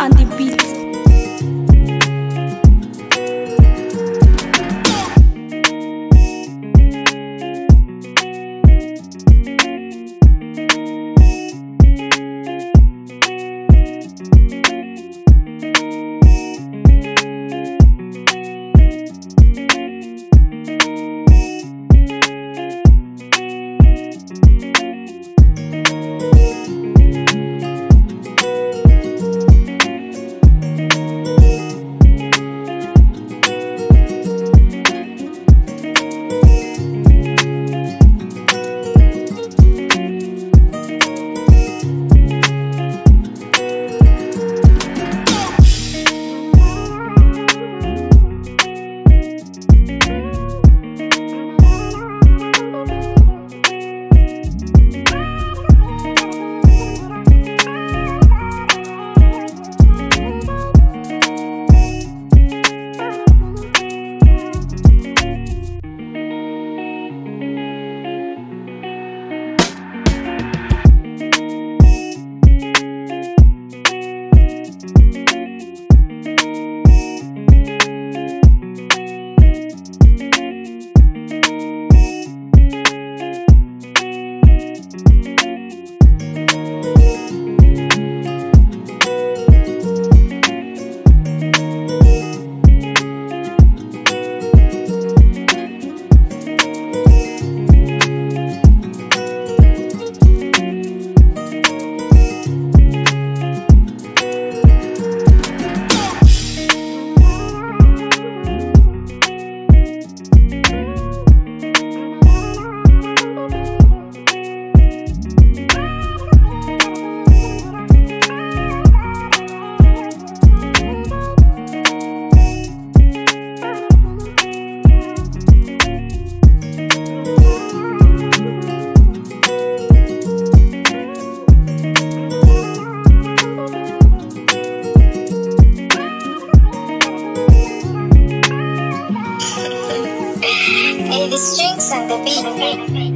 on the beat. the strings and the beat.